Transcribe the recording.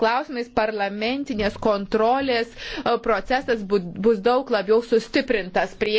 klausimais parlamentinės kontrolės e, procesas bus daug labiau sustiprintas prie